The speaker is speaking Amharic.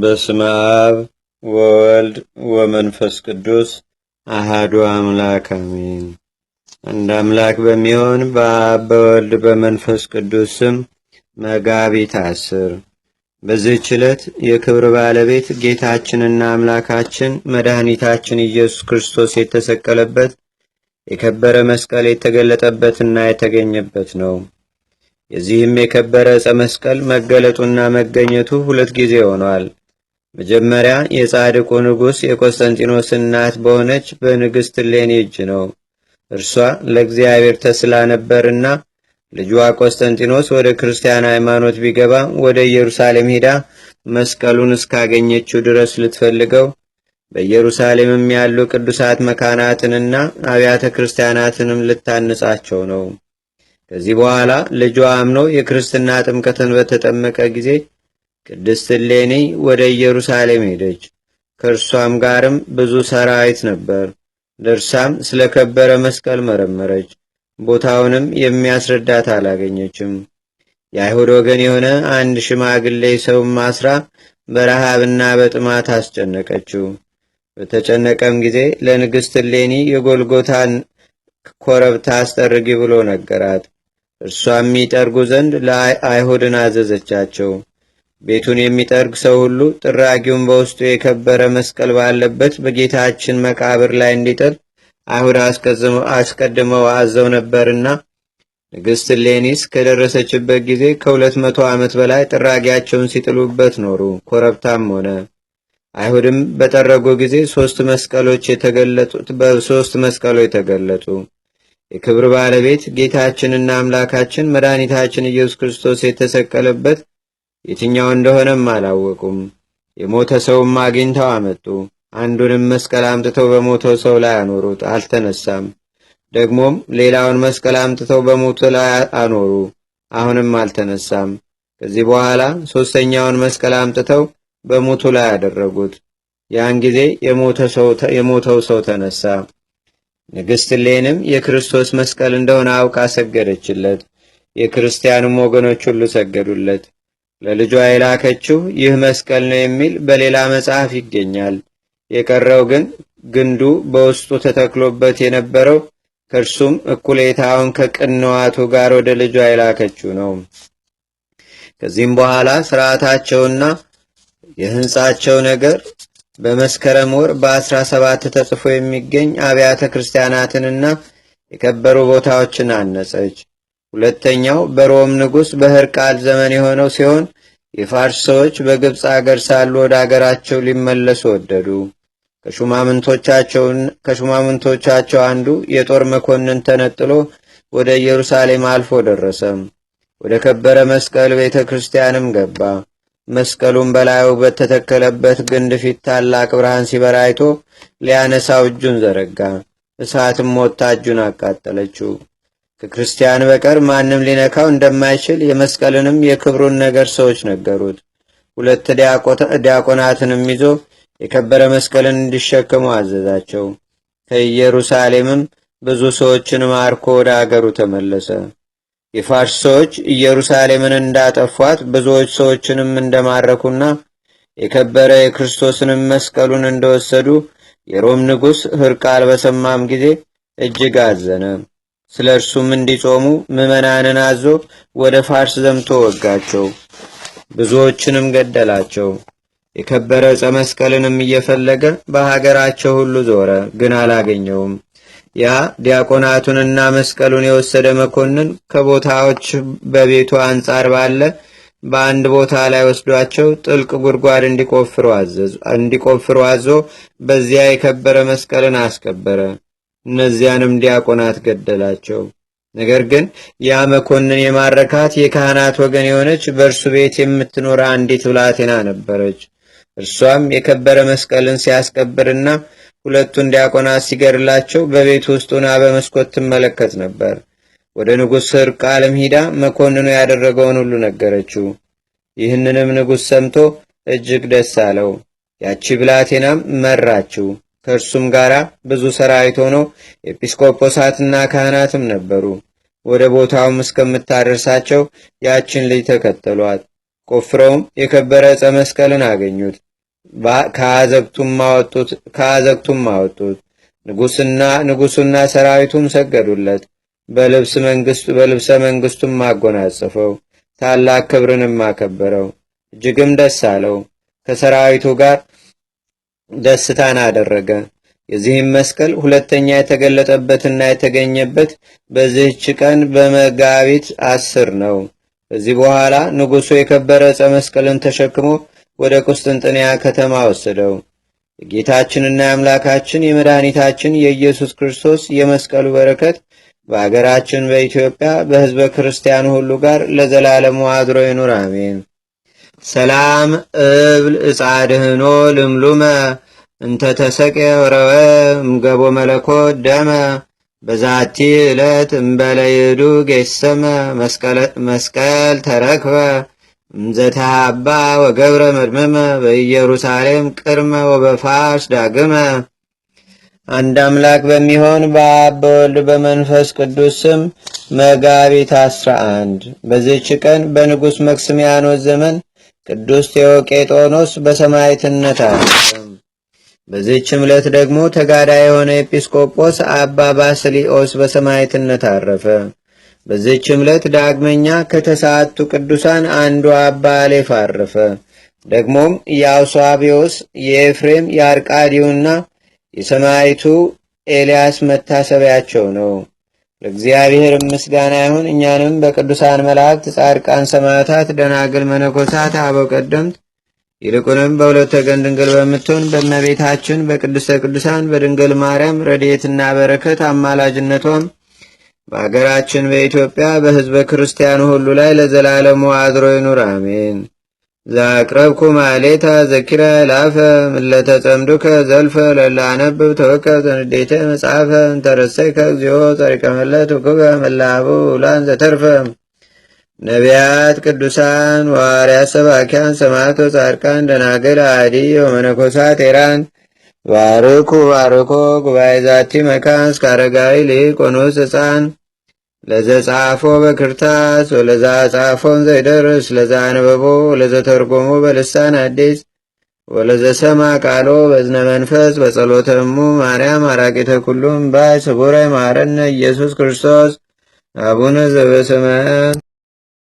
በስመ አብ ወወልድ ወመንፈስ ቅዱስ አሃዱ አምላክ አሜን። አንድ አምላክ በሚሆን በአብ በወልድ በመንፈስ ቅዱስ ስም መጋቢት አስር በዚህች ዕለት የክብር ባለቤት ጌታችንና አምላካችን መድኃኒታችን ኢየሱስ ክርስቶስ የተሰቀለበት የከበረ መስቀል የተገለጠበትና የተገኘበት ነው። የዚህም የከበረ ዕፀ መስቀል መገለጡና መገኘቱ ሁለት ጊዜ ሆኗል። መጀመሪያ የጻድቁ ንጉሥ የቆስጠንጢኖስ እናት በሆነች በንግሥት ሌኒ እጅ ነው። እርሷ ለእግዚአብሔር ተስላ ነበርና ልጇ ቆስጠንጢኖስ ወደ ክርስቲያን ሃይማኖት ቢገባ ወደ ኢየሩሳሌም ሄዳ መስቀሉን እስካገኘችው ድረስ ልትፈልገው በኢየሩሳሌምም ያሉ ቅዱሳት መካናትንና አብያተ ክርስቲያናትንም ልታንጻቸው ነው። ከዚህ በኋላ ልጇ አምኖ የክርስትና ጥምቀትን በተጠመቀ ጊዜ ቅድስት ሌኒ ወደ ኢየሩሳሌም ሄደች። ከእርሷም ጋርም ብዙ ሰራዊት ነበር። ደርሳም ስለ ከበረ መስቀል መረመረች። ቦታውንም የሚያስረዳት አላገኘችም። የአይሁድ ወገን የሆነ አንድ ሽማግሌ ሰውም አስራ በረሃብና በጥማት አስጨነቀችው። በተጨነቀም ጊዜ ለንግሥት ሌኒ የጎልጎታን ኮረብታ አስጠርጊ ብሎ ነገራት። እርሷም የሚጠርጉ ዘንድ ለአይሁድን አዘዘቻቸው። ቤቱን የሚጠርግ ሰው ሁሉ ጥራጊውን በውስጡ የከበረ መስቀል ባለበት በጌታችን መቃብር ላይ እንዲጠር አይሁድ አስቀድመው አዘው ነበርና ንግሥት ሌኒስ ከደረሰችበት ጊዜ ከሁለት መቶ ዓመት በላይ ጥራጊያቸውን ሲጥሉበት ኖሩ። ኮረብታም ሆነ። አይሁድም በጠረጉ ጊዜ ሦስት መስቀሎች ተገለጡ። በሦስት መስቀሎች ተገለጡ። የክብር ባለቤት ጌታችንና አምላካችን መድኃኒታችን ኢየሱስ ክርስቶስ የተሰቀለበት የትኛው እንደሆነም አላወቁም። የሞተ ሰውም አግኝተው አመጡ። አንዱንም መስቀል አምጥተው በሞተው ሰው ላይ አኖሩት፣ አልተነሳም። ደግሞም ሌላውን መስቀል አምጥተው በሞቱ ላይ አኖሩ፣ አሁንም አልተነሳም። ከዚህ በኋላ ሦስተኛውን መስቀል አምጥተው በሞቱ ላይ አደረጉት። ያን ጊዜ የሞተው ሰው ተነሳ። ንግሥት ሌንም የክርስቶስ መስቀል እንደሆነ አውቃ ሰገደችለት። የክርስቲያኑም ወገኖች ሁሉ ሰገዱለት። ለልጇ የላከችው ይህ መስቀል ነው የሚል በሌላ መጽሐፍ ይገኛል። የቀረው ግን ግንዱ በውስጡ ተተክሎበት የነበረው ከእርሱም እኩሌታውን ከቅንዋቱ ጋር ወደ ልጇ የላከችው ነው። ከዚህም በኋላ ስርዓታቸውና የህንፃቸው ነገር በመስከረም ወር በ17 ተጽፎ የሚገኝ አብያተ ክርስቲያናትንና የከበሩ ቦታዎችን አነጸች። ሁለተኛው በሮም ንጉሥ በህር ቃል ዘመን የሆነው ሲሆን የፋርስ ሰዎች በግብፅ አገር ሳሉ ወደ አገራቸው ሊመለሱ ወደዱ። ከሹማምንቶቻቸው አንዱ የጦር መኮንን ተነጥሎ ወደ ኢየሩሳሌም አልፎ ደረሰ። ወደ ከበረ መስቀል ቤተ ክርስቲያንም ገባ። መስቀሉን በላዩ በተተከለበት ግንድ ፊት ታላቅ ብርሃን ሲበራይቶ ሊያነሳው እጁን ዘረጋ። እሳትም ሞታ እጁን አቃጠለችው። ከክርስቲያን በቀር ማንም ሊነካው እንደማይችል የመስቀልንም የክብሩን ነገር ሰዎች ነገሩት። ሁለት ዲያቆናትንም ይዞ የከበረ መስቀልን እንዲሸከሙ አዘዛቸው። ከኢየሩሳሌምም ብዙ ሰዎችን ማርኮ ወደ አገሩ ተመለሰ። የፋርስ ሰዎች ኢየሩሳሌምን እንዳጠፏት ብዙዎች ሰዎችንም እንደማረኩና የከበረ የክርስቶስንም መስቀሉን እንደወሰዱ የሮም ንጉሥ ህርቃል በሰማም ጊዜ እጅግ አዘነ። ስለ እርሱም እንዲጾሙ ምዕመናንን አዞ ወደ ፋርስ ዘምቶ ወጋቸው፣ ብዙዎችንም ገደላቸው። የከበረ ዕፀ መስቀልንም እየፈለገ በሀገራቸው ሁሉ ዞረ፣ ግን አላገኘውም። ያ ዲያቆናቱንና መስቀሉን የወሰደ መኮንን ከቦታዎች በቤቱ አንጻር ባለ በአንድ ቦታ ላይ ወስዷቸው ጥልቅ ጉድጓድ እንዲቆፍሩ አዞ በዚያ የከበረ መስቀልን አስከበረ። እነዚያንም ዲያቆናት ገደላቸው። ነገር ግን ያ መኮንን የማረካት የካህናት ወገን የሆነች በእርሱ ቤት የምትኖር አንዲት ብላቴና ነበረች። እርሷም የከበረ መስቀልን ሲያስከብርና ሁለቱን ዲያቆናት ሲገድላቸው በቤት ውስጥ ሆና በመስኮት ትመለከት ነበር። ወደ ንጉሥ ቃልም ሂዳ መኮንኑ ያደረገውን ሁሉ ነገረችው። ይህንንም ንጉሥ ሰምቶ እጅግ ደስ አለው። ያቺ ብላቴናም መራችው። ከእርሱም ጋር ብዙ ሰራዊት ሆነው ኤጲስቆጶሳትና ካህናትም ነበሩ። ወደ ቦታውም እስከምታደርሳቸው ያችን ልጅ ተከተሏት። ቆፍረውም የከበረ ዕፀ መስቀልን አገኙት። ከአዘግቱም አወጡት። ንጉስና ንጉሱና ሰራዊቱም ሰገዱለት። በልብሰ መንግስቱም አጎናጽፈው ታላቅ ክብርንም አከበረው። እጅግም ደስ አለው። ከሰራዊቱ ጋር ደስታን አደረገ። የዚህም መስቀል ሁለተኛ የተገለጠበትና የተገኘበት በዚህች ቀን በመጋቢት አስር ነው። ከዚህ በኋላ ንጉሱ የከበረ ዕፀ መስቀልን ተሸክሞ ወደ ቁስጥንጥንያ ከተማ ወሰደው። የጌታችንና የአምላካችን የመድኃኒታችን የኢየሱስ ክርስቶስ የመስቀሉ በረከት በአገራችን በኢትዮጵያ በሕዝበ ክርስቲያኑ ሁሉ ጋር ለዘላለሙ አድሮ ይኑር፣ አሜን። ሰላም እብል እጻድህኖ ልምሉመ እንተ ተሰቀ ወረወ እምገቦ መለኮት ደመ በዛቲ ዕለት እምበለ ጌሰመ መስቀል ተረክበ እንዘተሃባ ወገብረ መድመመ በኢየሩሳሌም ቅድመ ወበፋርስ ዳግመ። አንድ አምላክ በሚሆን በአብ በወልድ በመንፈስ ቅዱስ ስም መጋቢት አስራ አንድ በዚህች ቀን በንጉሥ መክስሚያኖስ ዘመን ቅዱስ ቴዎቄጦኖስ በሰማይትነት አረፈ። በዚች ዕለት ደግሞ ተጋዳይ የሆነ ኤጲስቆጶስ አባ ባስሊኦስ በሰማይትነት አረፈ። በዚች ዕለት ዳግመኛ ከተሳቱ ቅዱሳን አንዱ አባ አሌፍ አረፈ። ደግሞም የአውሳቢዎስ የኤፍሬም የአርቃዲውና የሰማይቱ ኤልያስ መታሰቢያቸው ነው። ለእግዚአብሔር ምስጋና ይሁን። እኛንም በቅዱሳን መላእክት፣ ጻድቃን፣ ሰማዕታት፣ ደናግል፣ መነኮሳት፣ አበው ቀደምት ይልቁንም በሁለት ወገን ድንግል በምትሆን በእመቤታችን በቅድስተ ቅዱሳን በድንግል ማርያም ረድኤትና በረከት አማላጅነቷም በአገራችን በኢትዮጵያ በሕዝበ ክርስቲያኑ ሁሉ ላይ ለዘላለሙ አድሮ ይኑር፣ አሜን። ዛቅረብኩ ማሌታ ዘኪረ ላፈ ምለተ ምለተጸምዱከ ዘልፈ ለላነብብ ተወከ ዘንዴተ መጽሐፈ እንተረሰይ እግዚኦ ጸሪቀ መለት ውክበ መላቡ ውላን ዘተርፈ ነቢያት፣ ቅዱሳን፣ ዋርያ፣ ሰባኪያን፣ ሰማዕቶ፣ ጻድቃን፣ ደናግል፣ አዲ ወመነኮሳት ኤራን ባርኩ ባርኮ ጉባኤ ዛቲ መካን እስከ አረጋዊ ሊቆኖስ ሕፃን ለዘጻፎ በክርታስ ወለዛ ጻፎን ዘይደርስ ለዛ አንበቦ ለዘ ተርጎሞ በልሳን አዲስ ወለዘ ሰማ ቃሎ በዝነ መንፈስ በጸሎተሙ ማርያም አራቂተ ኩሉም ባይ ስቡረ ማረነ ኢየሱስ ክርስቶስ አቡነ ዘበሰማያት